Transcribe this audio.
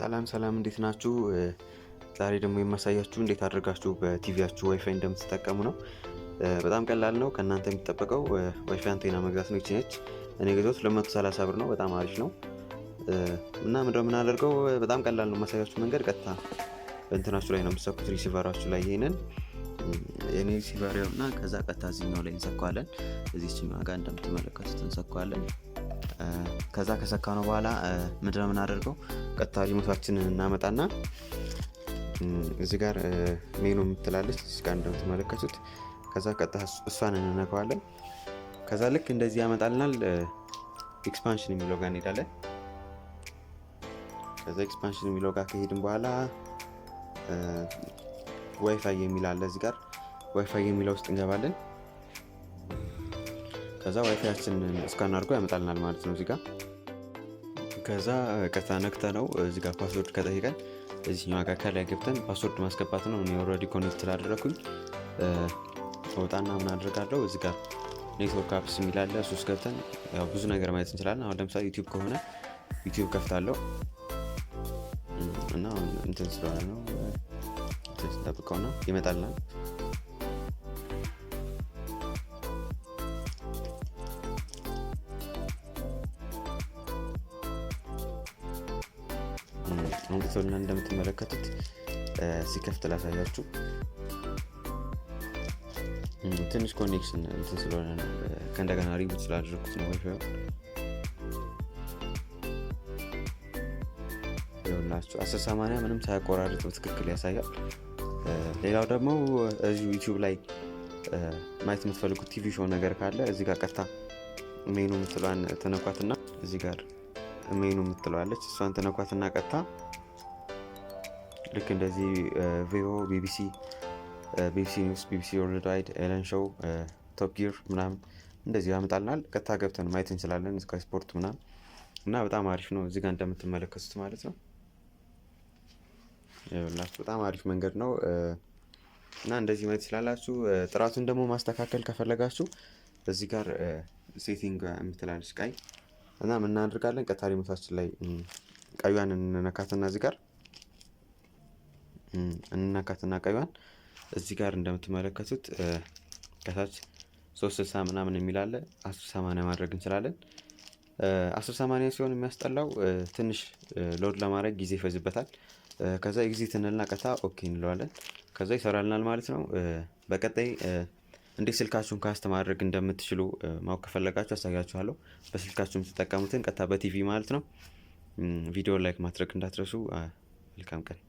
ሰላም ሰላም፣ እንዴት ናችሁ? ዛሬ ደግሞ የማሳያችሁ እንዴት አድርጋችሁ በቲቪያችሁ ዋይፋይ እንደምትጠቀሙ ነው። በጣም ቀላል ነው። ከእናንተ የሚጠበቀው ዋይፋይ አንቴና መግዛት ነው። ይችነች እኔ ገዛሁት ሁለት ሰላሳ ብር ነው። በጣም አሪፍ ነው እና ምንድ የምናደርገው? በጣም ቀላል ነው። የማሳያችሁ መንገድ ቀጥታ በእንትናችሁ ላይ ነው የምትሰኩት፣ ሪሲቨራችሁ ላይ ይሄንን የኔ ሪሲቨር እና ከዛ ቀጥታ እዚህኛው ላይ እንሰካዋለን። እዚችኛ ጋር እንደምትመለከቱት እንሰኳለን ከዛ ከሰካ ነው በኋላ ምድረ ነው የምናደርገው? ቀጥታ ሪሞታችንን እናመጣና እዚ ጋር ሜኑ የምትላለች እዚህ ጋር እንደምትመለከቱት ከዛ ቀጥታ እሷን እንነከዋለን ከዛ ልክ እንደዚህ ያመጣልናል። ኤክስፓንሽን የሚለው ጋር እንሄዳለን። ከዛ ኤክስፓንሽን የሚለው ጋር ከሄድን በኋላ ዋይፋይ የሚል አለ እዚህ ጋር ዋይፋይ የሚለው ውስጥ እንገባለን። ከዛ ዋይፋያችንን እስካን አድርጎ ያመጣልናል ማለት ነው እዚጋ። ከዛ ቀጥታ ነክተ ነው እዚጋ ፓስወርድ ከጠይቀን እዚህኛው ጋር ከላይ ገብተን ፓስወርድ ማስገባት ነው። እኔ ኦልሬዲ ኮኔክት ስላደረኩኝ ወጣና ምን አድርጋለሁ እዚጋ ኔትወርክ አፕስ የሚላለ ሶስት ገብተን ብዙ ነገር ማየት እንችላለን። አሁን ለምሳሌ ዩቲብ ከሆነ ዩቲብ ከፍታለሁ እና እንትን ስለሆነ ነው እንትን ነው ይመጣልናል። አውጥተውና እንደምትመለከቱት ሲከፍት ላሳያችሁ። ትንሽ ኮኔክሽን እንትን ስለሆነ ከእንደገና ሪቡት ስላደረኩት ነው ወይ ይሆንላችሁ አስር ሰማንያ ምንም ሳያቆራርጥ በትክክል ያሳያል። ሌላው ደግሞ እዚሁ ዩቲብ ላይ ማየት የምትፈልጉት ቲቪ ሾው ነገር ካለ እዚህ ጋር ቀጥታ ሜኑ ምትሏን ተነኳትና እዚህ ጋር ሜኑ የምትለዋለች እሷን ትነኳትና ቀጥታ ልክ እንደዚህ ቪኦ፣ ቢቢሲ፣ ቢቢሲ ኒውስ፣ ቢቢሲ ወርልድዋይድ ኤለን ሾው፣ ቶፕ ጊር ምናምን እንደዚሁ ያመጣልናል። ቀጥታ ገብተን ማየት እንችላለን እስከ ስፖርት ምናምን እና በጣም አሪፍ ነው። እዚጋ እንደምትመለከቱት ማለት ነው ይኸውላችሁ በጣም አሪፍ መንገድ ነው እና እንደዚህ ማየት ትችላላችሁ። ጥራቱን ደግሞ ማስተካከል ከፈለጋችሁ እዚህ ጋር ሴቲንግ የምትላል ቃይ እና ምን እናደርጋለን? ቀጥታ ሪሞታችን ላይ ቀዩን እንነካትና እዚህ ጋር እንነካትና ቀዩን እዚህ ጋር እንደምትመለከቱት ከታች ሶስት ስልሳ ምናምን የሚላለ አስር ሰማንያ ማድረግ እንችላለን። አስር ሰማንያ ሲሆን የሚያስጠላው ትንሽ ሎድ ለማድረግ ጊዜ ይፈዝበታል። ከዛ ኤግዚት እንልና ቀታ ኦኬ እንለዋለን። ከዛ ይሰራልናል ማለት ነው። በቀጣይ እንዴት ስልካችሁን ካስት ማድረግ እንደምትችሉ ማወቅ ከፈለጋችሁ አሳያችኋለሁ በስልካችሁ የምትጠቀሙትን ቀጥታ በቲቪ ማለት ነው። ቪዲዮ ላይክ ማድረግ እንዳትረሱ። መልካም ቀን